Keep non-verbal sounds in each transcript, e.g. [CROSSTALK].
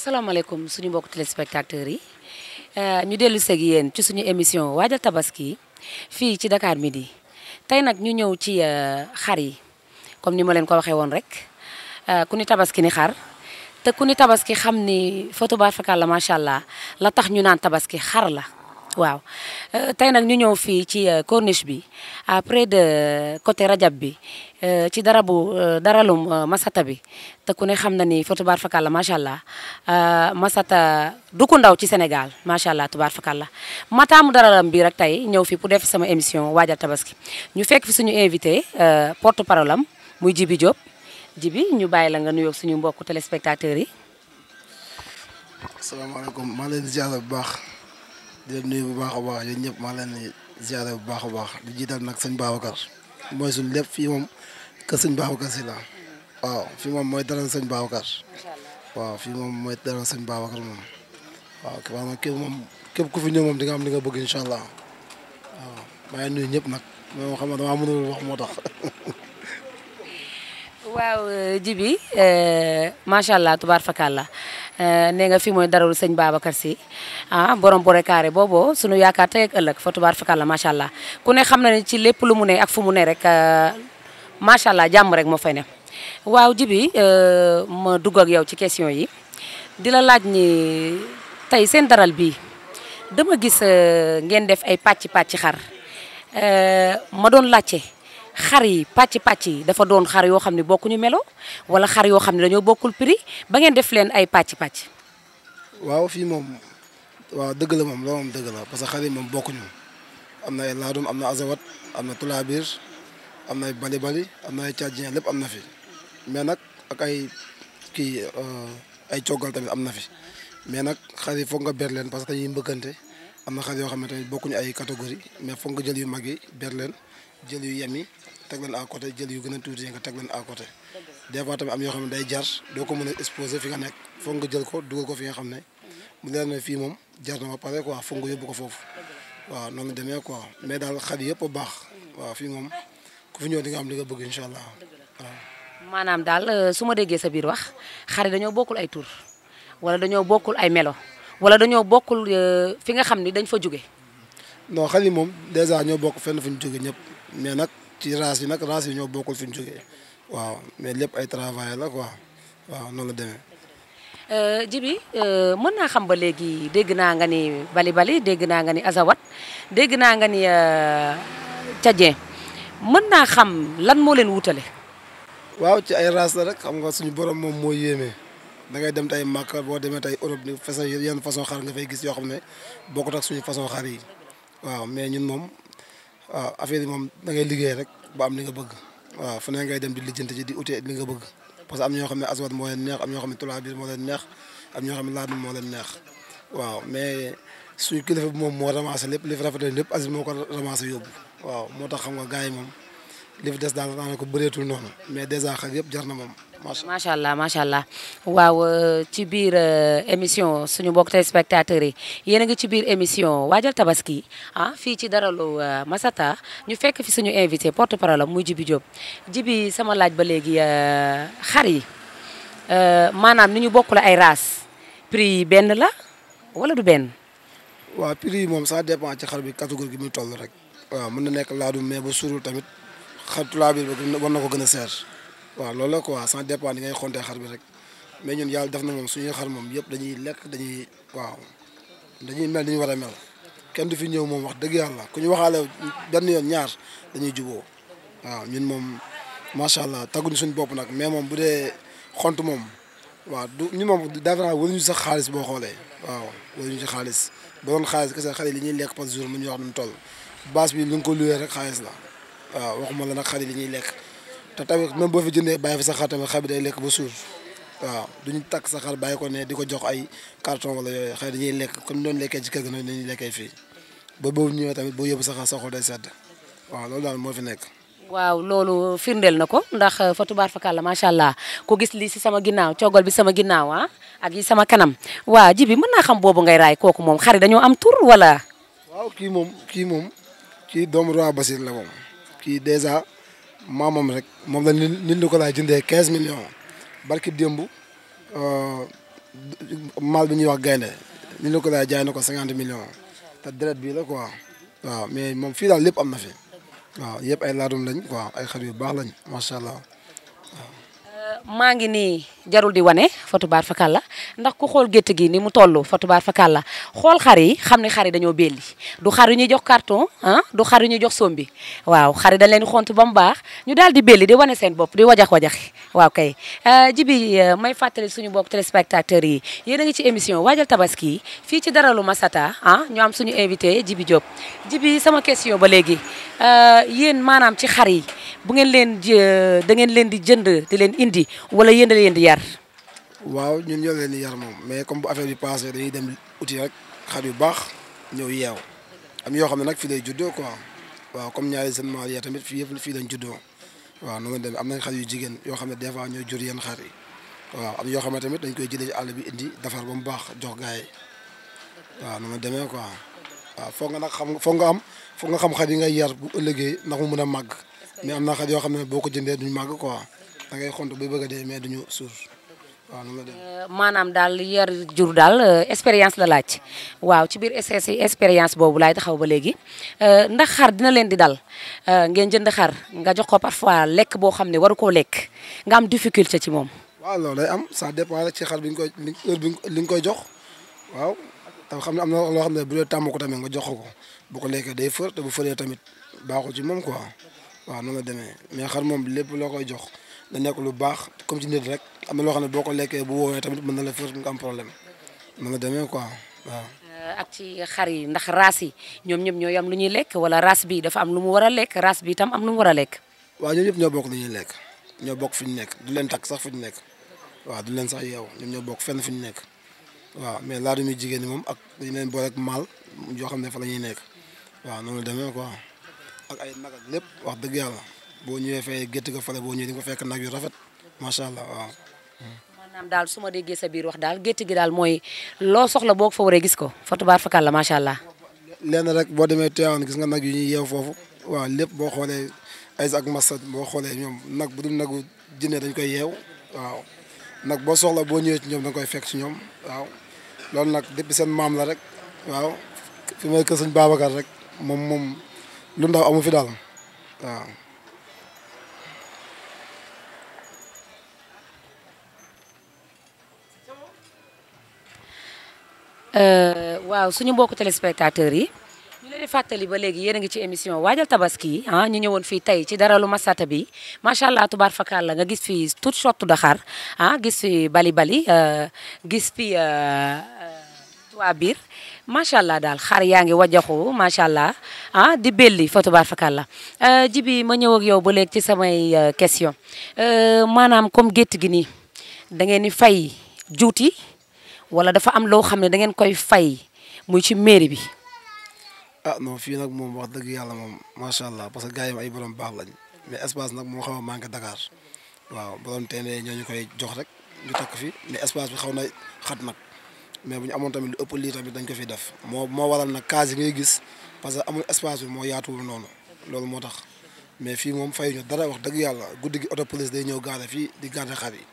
asalaamaaleykum suñu mbokk téléspectateurs yi euh, ñu dellu seeg yéen ci suñu émission waajal tabaski fii ci Dakar Midi tey nag ñu ñëw ci euh, xar yi comme ni ma leen ko waxee woon rek euh, ku ni tabaski ni xar te ku ni tabaski xam ni photo barfakal la macha allah la tax ñu naan tabaski xar la. waaw euh, tey nag ñu ñëw fii ci euh, corniche bi après de euh, côté rajab bi ci dara bu dara daralum masata bi te ku ne xam na ni fa tubaar fakàlla macha allah masata du ndaw ci Sénégal macha allah tubaar fakàlla mataamu daralam bi rek tey ñëw fii pour def sama émission waajal tabaski ñu fekk fi suñu invité porte parole am muy Djibi Diop Djibi ñu bàyyi la nga nuyoog suñu mbokku téléspectateurs yi. asalaamaaleykum maa leen ziar baax. di leen nuyu bu baax a baax yéen ñëpp maa leen ziare bu baax a baax di jiital nag sëñ Babacar mooy suñ lépp fii moom kër sëñ Babacar si la waaw moom mooy dara sëñ Babacar waaw fii moom mooy dara sëñ Babacar moom waaw maanaam képp moom ku fi ñëw di am li nga bëgg incha allah waaw maa ngi nuyu ñëpp nag moom xam nga damaa mënul wax moo tax. [LAUGHS] waaw Djibi euh, macha allah tubaar fakàlla Eh, nee nga fii mooy daralu sëñ Babacar si ah borom boré carré boobu sunu yaakaar tey ak ëllëg fa tubaar fakàlla macha allah ne xam na ne ci lépp lu mu ne ak fu mu ne rek eh, macha allah jàmm rek moo fay ne. waaw jibi eh, ma dugg ak yow ci question yi dila laaj ni tey seen daral bi dama gis ngeen def ay pàcc pàcc xar ma doon laajte. xar yi pàcc pàcc yi dafa doon xar yoo xam ne bokkuñu melo wala xar yoo xam ne dañoo bokkul prix ba ngeen def leen ay pàcc pàcc. waaw fii moom waaw dëgg la moom loolu moom dëgg la parce que xar yi moom bokkuñu am na ay laadum am na azawat am na tulaabir am na ay bali bali am na ay am na fi mais nag ak ay kii euh, ay coggal tamit am na fi mais nag xar yi foog nga ber leen parce que dañuy mbëkkante am na xar yoo xam ne tamit bokkuñu ay catégorie mais foog nga jël yu mag yi ber leen. jël yu yem yi teg leen à côté jël yu gën a tuuti nga teg leen à côté des fois am yoo xam ne day jar doo ko mën a exposé fi nga nekk foog nga jël ko dugal ko fi nga xam ne mu fii moom jar na ba pare quoi foog nga ko foofu waaw noonu demee quoi mais daal xar yëpp a baax waaw fii moom ku fi ñëw di am li nga bëgg incha allah maanaam daal euh, su ma déggee sa biir wax xar dañoo bokkul ay tur wala dañoo bokkul ay melo wala dañoo bokkul euh, fi nga xam ni dañ fa jóge non xar yi moom dèjà ñoo bokk fenn fu ñu jógee ñëpp mais nag ci race yi nag race yi ñoo bokkul fu ñu jógee waaw mais lépp ay travail la quoi waaw noonu la demee. Euh, Jibi euh, mën naa xam ba léegi dégg naa nga ni bali bali dégg naa nga ni azawat dégg naa nga ni cajeen euh, mën naa xam lan moo leen wutale waaw ci ay race la rek xam nga suñu borom moom moo yéeme da ngay dem tey Màkka boo demee tey Europe ni façon yenn façon xar nga fay gis yoo xam ne bokkut ak suñu façon xar yi. waaw mais ñun moom waaw affaire yi moom da ngay liggéey rek ba am li nga bëgg waaw fu ngay dem di lijjanti ji di utee li nga bëgg parce que am ñoo xam ne aswad moo leen neex am ñoo xam ne tulaa biir moo leen neex am ñoo xam ne laadum moo leen neex waaw mais suñu kilifa bi moom moo ramassé lépp li fi lépp Aziz moo ko ramassé yóbbu waaw moo tax xam nga gars yi moom li fi des daal daanaka bëreetul noonu mais dèjà xar yëpp jar na moom. macha allah macha allah waaw euh, ci biir euh, émission suñu mbokk téléspectateurs yi yéen a ngi ci biir émission waajal tabaski ah fii ci dara daralu euh, Masata ñu fekk fi suñu invité porte parole muy Djibi Diop Djibi sama laaj ba léegi xar yi maanaam ni ñu bokk la ay races prix yi benn la wala du benn. waaw prix yi moom ça dépend ci xar bi catégorie bi mu toll rek. waaw mën na nekk laadum mais bu suurul tamit. xar trois mille ba war na ko gën a seer waaw loolu la quoi sans dépend di ngay xontee xar bi rek mais ñun yàlla def na moom suñuy xar moom yëpp dañuy lekk dañuy waaw dañuy mel dañuy war a mel kenn du fi ñëw moom wax dëgg yàlla ku ñu waxaale benn yoon ñaar dañuy juboo waaw ñun moom macha allah tagguñu suñu bopp nag mais moom bu dee xont moom waaw du ñu moom dafa waruñu sax xaalis boo xoolee waaw waruñu ci xaalis ba doon xaalis kese xale li ñuy lekk par jour mu ñu wax nu mu toll base bi lu nga ko luwee rek xaalis la waaw waxuma la nag xar yi li ñuy lekk te tamit même boo fi jëndee bàyyi fi sa xar tamit xar bi day lekk ba suur waaw duñu takk sa xar ko ne di ko jox ay carton wala dañuy lekk comme doon lekkee ci kër ga noonu dañuy lekkee fii ba boobu ñëwee tamit boo yóbbu sa xar sa xol day sedd waaw loolu daal moo fi nekk. waaw loolu firndeel na ko ndax euh, fa tubaar fakàlla macha allah ko gis lii si sama ginnaaw coogol bi sama ginnaaw ah ak yi sama kanam waa ji bi mën naa xam boobu ngay raay kooku moom xari dañoo am tur wala. waaw kii moom kii moom kii doomu roi Basir la moom. kii dèjà moom rek moom la nit ñi ko laa jëndee quinze millions barki démb euh, mal bi ñuy wax gaynde nit ñi ko laa jaay na ko cinquante million te deret bii la quoi waaw mais moom fii daal lépp am na fi waaw yëpp ay laadum lañ quoi ay xar yu baax lañ macha allah. maa ngi nii jarul di wane fatubaar fakal la ndax ku xool gétt gi ni mu toll fatubaar fakal la xool xar yi xam ne xar dañoo belli du xar ñu jox carton ah du xar yu ñuy jox sombi waaw xar yi dañ leen xont ba mu baax ñu daal di belli di wane seen bopp di wajax wajax waaw kay euh, jibi euh, may fàttali suñu bopp téléspectateurs yi yéen a ngi ci émission waajal tabaski fii ci daralu Masata ah ñu am suñu invité Jibi Diop Jibi sama question ba léegi euh, yéen maanaam ci xar yi bu ngeen leen da ngeen leen di jënd wala yéen da leen di yar. waaw ñun ñoo leen di yar moom mais comme bu affaire bi passé dañuy dem uti rek xar yu baax ñëw yeew am yoo xam ne nag fii lay juddoo quoi waaw comme ñaari seen maal tamit fii yëpp fii lañ juddoo waaw noonu la demee am nañ xar yu jigéen yoo xam ne des fois ñooy jur yenn xar yi waaw am yoo xam ne tamit dañ koy jëlee ci àll bi indi defar ba mu baax jox gars waaw noonu la demee quoi waaw foog nga nag xam foog nga am foog nga xam xar yi ngay yar bu ëllëgee ndax mu mën a màgg mais am na xar yoo xam ne boo ko jëndee duñ màgg quoi. da ngay xont ba bëgg a dee mais duñu suur waaw nu ma dee euh, maanaam daal yar jur daal euh, expérience la laaj waaw ci biir expérience boobu laay taxaw ba léegi euh, ndax xar dina leen di dal ngeen jënd xar nga jox ko parfois lekk boo xam ne waru koo lekk nga am difficulté ci moom. waaw loolu day am ça dépend rek ci xar bi nga koy li nga koy jox waaw tam xam ne am na loo xam ne bu dee tàmm ko tamit nga jox ko bu ko lekkee day fër te bu fëree tamit baaxul ci moom quoi waaw nu ma demee mais xar moom lépp loo koy jox. na nekk lu baax comme ci nit rek am na loo xam ne boo ko lekkee bu woowee tamit mën na la force nga am problème mën na demee quoi waaw. Euh, ak ci xar yi ndax race yi ñoom ñëpp ñooy am lu ñuy lekk wala race bi dafa am lu mu war a lekk race bi tam am lu war a lekk. waaw ñoom ñoo bokk lu ñuy lekk ñoo bokk fi ñu nekk du leen takk sax fi ñu nekk waaw du leen sax yeew ñoom ñoo bokk fenn fi ñu nekk waaw mais laata muy jigéen ñi moom ak dañu leen boole ak maal yoo xam ne fa la ñuy nekk waaw noonu la demee quoi ak ay nag ak lépp wax dëgg yàlla. boo ñëwee fay gétt ga fole boo ñëwee di nga fekk nag yu rafet macha allah waaw. daal su ma déggee sa biir wax daal gétt gi daal mooy loo soxla boo ko fa waree gis ko fa tubaar fakal la macha allah. lenn rek boo demee Tivaouane gis nga nag yu ñuy yeew foofu waaw lépp boo xoolee Aïs ak Massa boo xoolee ñoom nag bu dul nagu jinne dañ koy yeew waaw nag boo soxla boo ñëwee ci ñoom da koy fekk ci ñoom waaw loolu nag depuis seen maam la rek waaw fi may rek moom moom lu amu fi daal Euh, waaw suñu mbokku téléspectateurs yi ñu leen di fàttali ba léegi yéen a ngi ci émission waajal tabaski ah ñu ñëwoon fii tey ci dara lu masata bi macha allah tubaar fakal la nga gis fii tout sorte de xar ah gis fi bali bali euh, gis fi waa euh, biir macha allah daal xar yaa ngi wajaxu macha allah ah di belli fa tubaar fakal la jibi ma ñëw ak yow ba léegi ci samay question maanaam comme gétt gi nii da fay juuti. wala dafa am loo xam ne da ngeen koy fay muy ci mairie bi. ah non fii nag moom wax dëgg yàlla moom macha allah parce que gars yi ay borom baax lañ mais espace nag moo xaw a manqué Dakar waaw borom teene ñoo ñu koy jox rek ñu takk fi mais espace bi xaw na xat nag mais bu ñu amoon tamit ëpp lii tamit dañ ko fi def moo moo waral nag cas yi ngay gis parce que amul espace bi moo yaatuwul noonu loolu moo tax mais fii moom fayuñu dara wax dëgg yàlla guddi gi auto day ñëw gaare fii di gaare xar yi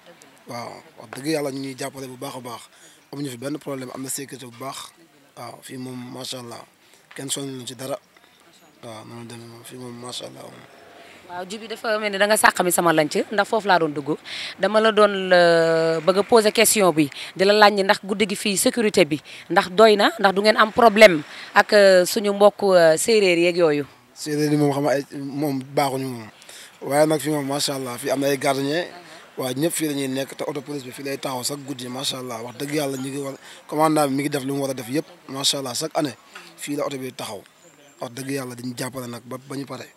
waaw wax dëgg yàlla ñu ñuy jàppale bu baax a baax. amuñu fi benn problème am na sécurité bu baax waaw fii moom macha allah kenn sonn ci dara waaw noonu la demee moom fii moom macha allah. dafa mel ni da nga sàqami sama lanc ndax foofu laa doon dugg dama la doon euh, bëgg a poser question bi di la laaj ndax guddi gi fii sécurité bi ndax doy na ndax du ngeen am problème ak euh, suñu mbokk euh, séeréer yeeg yooyu. séeréer yi moom xam ay moom baaxuñu waaw ñëpp fii la ñuy nekk te auto police bi fii lay taxaw sax guddi macha allah wax dëgg yàlla ñu ngi war commandant bi mi ngi def li mu war a def yëpp macha allah chaque année fii la oto bi taxaw wax dëgg yàlla dañu jàppale nag ba ba ñu pare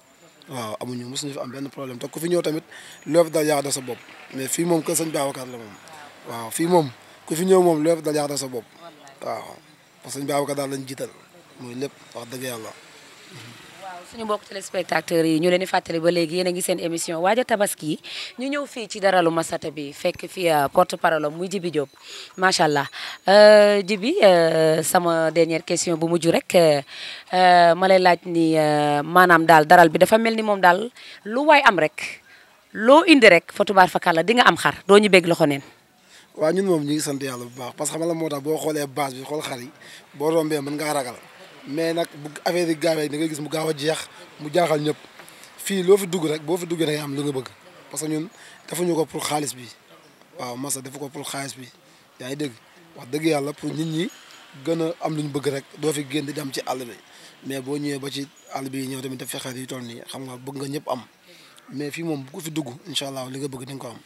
waaw amuñu mosuñu fi am benn problème te ku fi ñëw tamit loo fi dal yaa def sa bopp mais fii moom kër sëñ Babacar la moom waaw fii moom ku fi ñëw moom loo fi dal yaa def sa bopp waaw parce que sëñ Babacar daal lañ jiital mooy lépp wax dëgg yàlla suñu mbokk téléspectateurs yi ñu leen di fàttali ba léegi yéen a ngi seen émission waaja tabaski ñu ñëw fii ci daralu masata bi fekk fii euh, porte parole muy Djibi Diop macha allah euh, Djibi euh, sama dernière question bu mujj rek ma lay laaj ni maanaam daal daral bi dafa mel ni moom daal lu waay am rek loo indi rek fa tubaar fakàlla di nga am xar doo ñu bég loxo neen. waaw ñun moom ñu ngi sant yàlla baax parce que la moo tax boo xoolee base bi xool xar yi boo rombee mën ngaa ragal. mais nag bu affaire yi gaawee da gis mu gaaw a jeex mu jaaxal ñëpp fii loo fi dugg rek boo fi duggee da ngay am nga bëgg parce que ñun defuñu ko pour xaalis bi waaw Massa defu ko pour xaalis bi yaa ngi dégg wax dëgg yàlla pour nit ñi gën a am lu ñu bëgg rek doo fi génn di dem ci àll bi mais boo ñëwee ba ci àll bi ñëw tamit def fexeet yi toll nii xam nga bëgg nga ñëpp am mais fii moom bu ko fi dugg incha allah li nga bëgg di ko am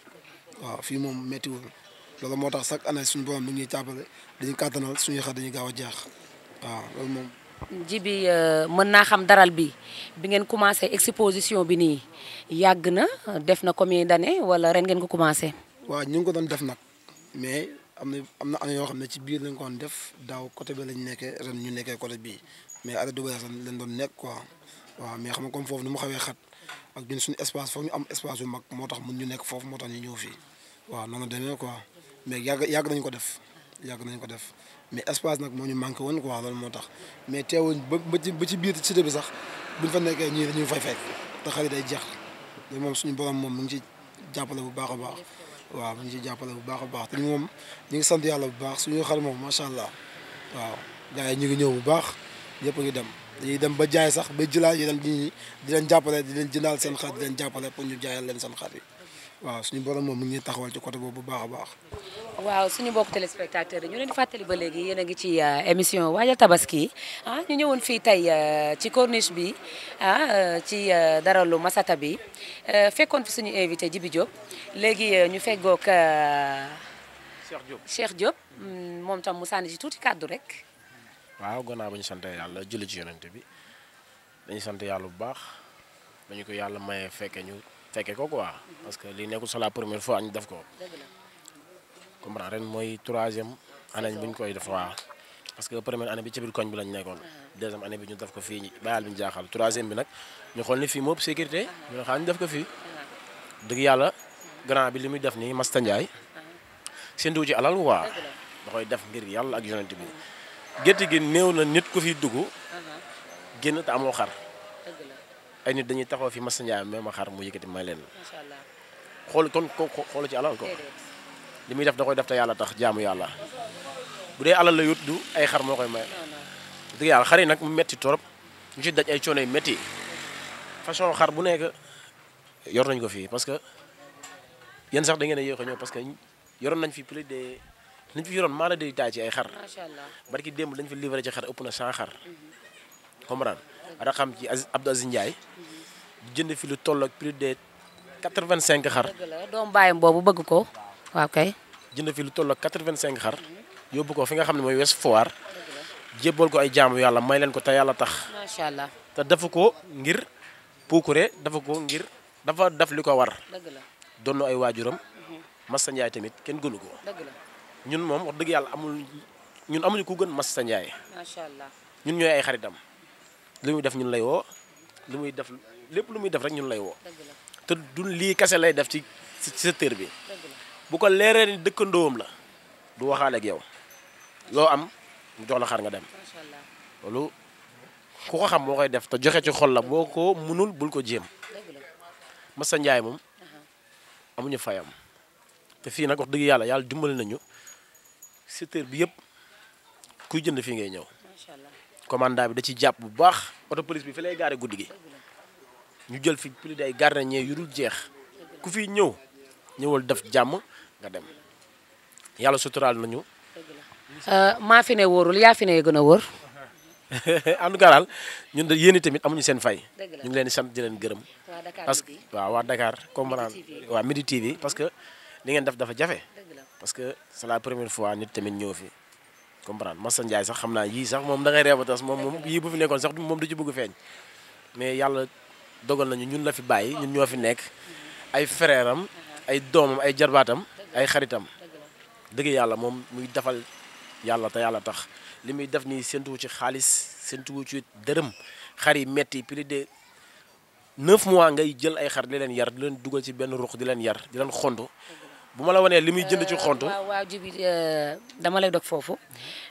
waaw fii moom méttiwul loolu moo tax chaque année suñu borom mi ngi ñuy tàppale dañuy kàttanal suñuy xar dañuy gaaw a jeex waaw loolu moom ji bi euh, mën naa xam daral bi bi ngeen commencé exposition bi nii yàgg na def na combien d'années wala ren ngeen ko commencé. waa ñu ngi ko doon def nag mais am na am na année yoo xam ne ci biir lañ ko doon def daaw côté bi lañ nekkee ren ñu nekkee côté bii mais arrêté doon nekk quoi waaw mais xam nga comme foofu ni mu xawee xat ak ñun suñu espace foofu ñu am espace bu mag moo tax mun ñu nekk foofu moo tax ñu ñëw fii waaw noonu demee quoi mais yàgg yàgg ko def. yàgg nañ ko def mais espace nag moo ñu manqué ko quoi loolu moo tax mais teewul ba ba ci ba ci biir cité bi sax buñ fa nekkee ñii dañuy fay fekk te xale day jeex te moom suñu borom moom mu ngi ci jàppale bu baax a baax waaw mu ngi ci jàppale bu baax a baax te ñu moom ñu ngi sant yàlla bu baax suñu xar moom macha allah waaw gars yi ñu ngi ñëw bu baax yëpp ngi dem dañuy dem ba jaay sax ba jëlaat yi dem di leen jàppale di leen jëndaal seen xar di jàppale pour ñu jaayal leen seen xar waaw suñu borom moom mu ngi taxawal ci côté boobu bu baax a baax waaw suñu mbokk téléspectateur dañu leen di fàttali ba léegi yéen ngi ci euh, émission waajal tabaski ah ñu ñëwoon fii tey euh, ci corniche bi ah euh, ci daralu Masata bi fekkoon fi suñu invité Djibi Diop léegi ñu feggoog Cheikh Diop Cheikh Diop hmm, moom tam mu sànni ci tuuti kàddu rek. waaw gannaaw ba ñu sant yàlla julli ci yonent bi dañu sant yàlla bu baax dañu ko yàlla maye fekke ñu fekke ko quoi mhm. parce que li nekkul sa la première fois ñu def ko. comprends ren mooy troisième année bu ñu koy def waaw parce que première année bi ci biir koñ bi lañ nekkoon deuxième année bi ñu def ko fi bàyyal bi ñu jaaxal troisième bi nag ñu xool ni fii moo ëpp sécurité ñu ne xaar ñu def ko fii dëgg yàlla grand bi li muy def nii Masta Ndiaye seen ci alal waa da def ngir yàlla ak yonent bi gétt gi néew na nit ku fi dugg génn te amoo xar ay nit dañuy taxaw fi Masta Ndiaye même xar mu yëkkati may leen xool kon ko xool ci alal ko li muy def da koy def te yàlla tax jaamu yàlla bu dee alal la yut du ay xar moo koy may dëgg yàlla xar yi nag mu metti trop ñu ci daj ay coono yu métti façon xar bu nekk yor nañ ko fii parce que yéen sax da ngeen a yéex a parce que yoroon nañ fi plus de nañ fi yoroon maa la day taay ci ay xar barki démb dañ fi livré ci xar ëpp na 100 xar mhm. comprendre ada xam ci Abdou Aziz Ndiaye mhm. jënd fi lu toll ak plus de 85 xar doom bàyyam waaw kay. jënd fii lu toll ak cinq xar yóbbu ko fi nga xam ne mooy Ouest Foire jébbal ko ay jaamu yàlla may leen ko te yàlla tax. macha allah te dafa ko ngir puukure dafa ko ngir dafa daf li ko war. dëgg la ay waajuram. Massa Ndiaye tamit kenn gënu ko. ñun moom wax dëgg yàlla amul ñun amuñu ku gën Massa Ndiaye. macha allah ñun ñooy ay xaritam. lu muy def ñun lay woo lu muy def lépp lu muy def rek ñun lay woo. te du lii kese lay def ci ci secteur bi. bu ko leeree ni dëkkandoom la du waxaale ak yow loo am mu jox la xar nga dem loolu ku ko xam moo koy def te joxe ci xol la boo ko mënul bul ko jéem Massa njaay moom amuñu fayam te fii nag wax dëgg yàlla yàlla dimbali nañu secteur bi yëpp kuy jënd fii ngay ñëw commanda bi da ci jàpp bu baax oto police bi fi lay gaare guddi gi ñu jël fi plus day garde ñee yu dul jeex ku fi ñëw ñëwal def jàmm nga dem yàlla suturaal nañu. Euh, maa fi ne wóorul yaa fi ne gën a wóor. en tout cas daal ñun de yéen tamit amuñu seen fay. ñu ngi leen di sant di leen gërëm. parce que waaw waa Dakar comprendre li ngeen def dafa jafe. parce que c'est la première fois nit tamit ñëw fi comprendre Massa Ndiaye sax xam naa yii sax moom da ngay reeba tas moom moom yii bu fi nekkoon sax moom du ci bëgg feeñ. mais yàlla dogal nañu ñun la fi bàyyi ñun ñoo fi nekk ay frère ay doomam ay jarbaatam ay xaritam dëgg yàlla moom muy defal yàlla te yàlla tax li muy def nii séntuwu ci xaalis séntuwu ci dërëm xar yi metti plus de neuf mois ngay jël ay xar di leen yar di leen dugal ci benn ruq di leen yar di leen xont bu ma la wanee li muy jënd ci xont waaw waaw jibi euh, dama lay dog foofu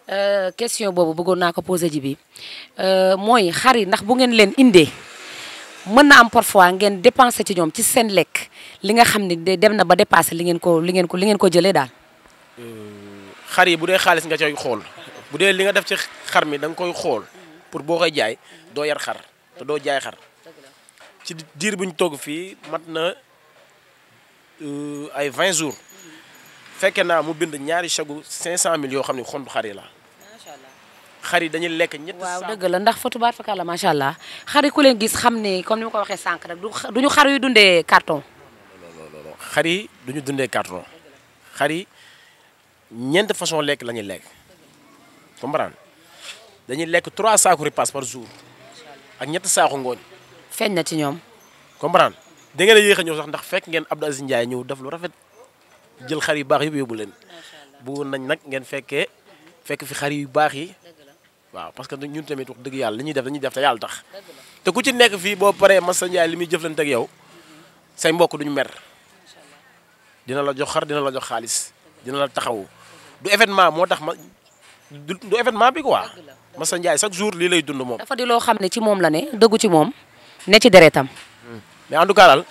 euh, question boobu bëggoon naa ko posé ji bi euh, mooy xar yi ndax bu ngeen leen indee mën na am parfois ngeen dépensé ci ñoom ci seen lekk li nga xam ne dem na ba dépassé li ngeen ko li ngeen ko li ngeen ko jëlee daal. Euh, xar yi bu dee xaalis nga coy xool bu dee li nga def ci xar mi danga koy xool pour boo koy jaay doo yar xar te doo jaay xar ci diir bu ñu toog fii mat na euh, ay 20 jours fekke naa mu bind ñaari chagu 500000 yoo xam ne xontu xar la xar yi dañuy lekk ñett waaw dëgg la ndax Fatou Baar Fakala macha allah xar ku leen gis xam ne comme ni ma ko waxee sànq rek du ñu xar yu dundee carton. xar yi du ñu dundee carton xar yi ñeent façon lekk la ñuy lekk comprendre dañuy lekk trois saaku ripaas par jour ak ñett saaku ngooñ. feeñ na ci ñoom. comprendre da ngeen a yéex a sax ndax fekk ngeen Abdou Aziz Ndiaye ñëw def lu rafet jël xar yu baax yëpp yóbbu leen. bëggoon nañ nag ngeen fekkee fi xar yu waaw parce que ñun tamit wax dëgg yàlla li ñuy def dañuy def te yàlla tax te ku ci nekk fii boo paree Massa Ndiaye li muy jëflante ak yow say mbokk duñu mer dina la jox xar dina la jox xaalis dina la taxaw du événement moo tax ma du événement bi quoi Massa Ndiaye chaque jour lii lay dund moom. dafa di loo xam ne ci moom la ne dëggu ci moom ne ci deretam. Hmm. mais en tout cas daal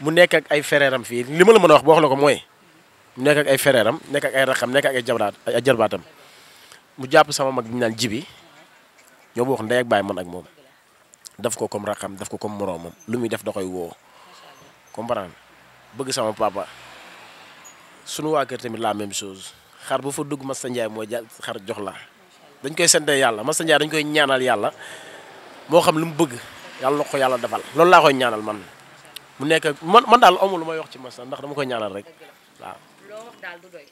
mu nekk ay fereeram fii li ma la mën a wax boo wax la ko mooy mu nekk ak ay fereeram nekk ak nekk ay jabraat ay jarbaatam mu jàpp sama mag bi jibi ñoo bokk ndey ak baay man ak moom daf ko comme raxam daf ko comme moroomam lu muy def da koy woo comprendre bëgg sama papa sunu waa kër tamit la même chose xar bu fa dugg Massa Ndiaye mooy ja xar jox la dañ koy sante yàlla Massa Ndiaye dañ koy ñaanal yàlla moo xam lu mu bëgg yàlla na ko yàlla defal loolu laa koy ñaanal man mu nekk man man daal amul lu may wax ci Massa ndax dama koy ñaanal rek waaw.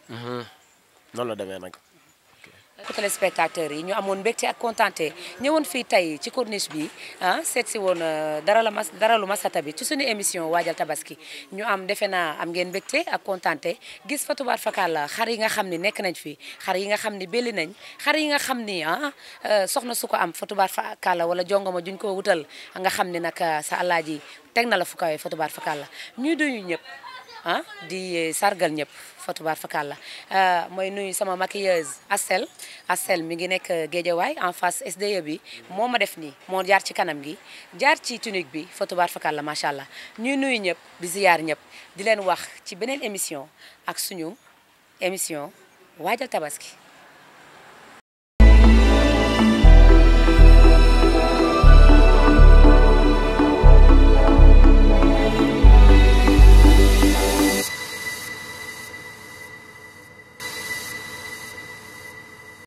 Mhm. noonu la demee nag. téléspectateurs yi ñu amoon mbégte ak contenté ñëwoon fii tey ci corniche bi ah seet si woon euh, dara la ma dara masata bi ci suñu émission waajal tabaski ñu am defe naa am ngeen mbégte ak contenté gis fa tubaat fakal la xar yi nga xam ni nekk nañ fi xar yi nga xam ni belli nañ xar yi nga xam ni ah euh, soxna su ko am fa tubaat fakal la wala jongoma juñ ko wutal nga xam ni nag sa alaaji teg na la fu kawee fa tubaat fakal la ñuy doñu ñëpp ah di eh, sargal ñëpp fatubaar fakal la euh, mooy nuyu sama maquilleuse Astel Astel mi ngi nekk Géejawaay en face SDE bi moo ma def nii moo jaar ci kanam gi jaar ci tunique bi fatubaar fakal la macha allah ñuy nuyu ñëpp di ziyaar ñëpp di leen wax ci beneen émission ak suñu émission waajal tabaski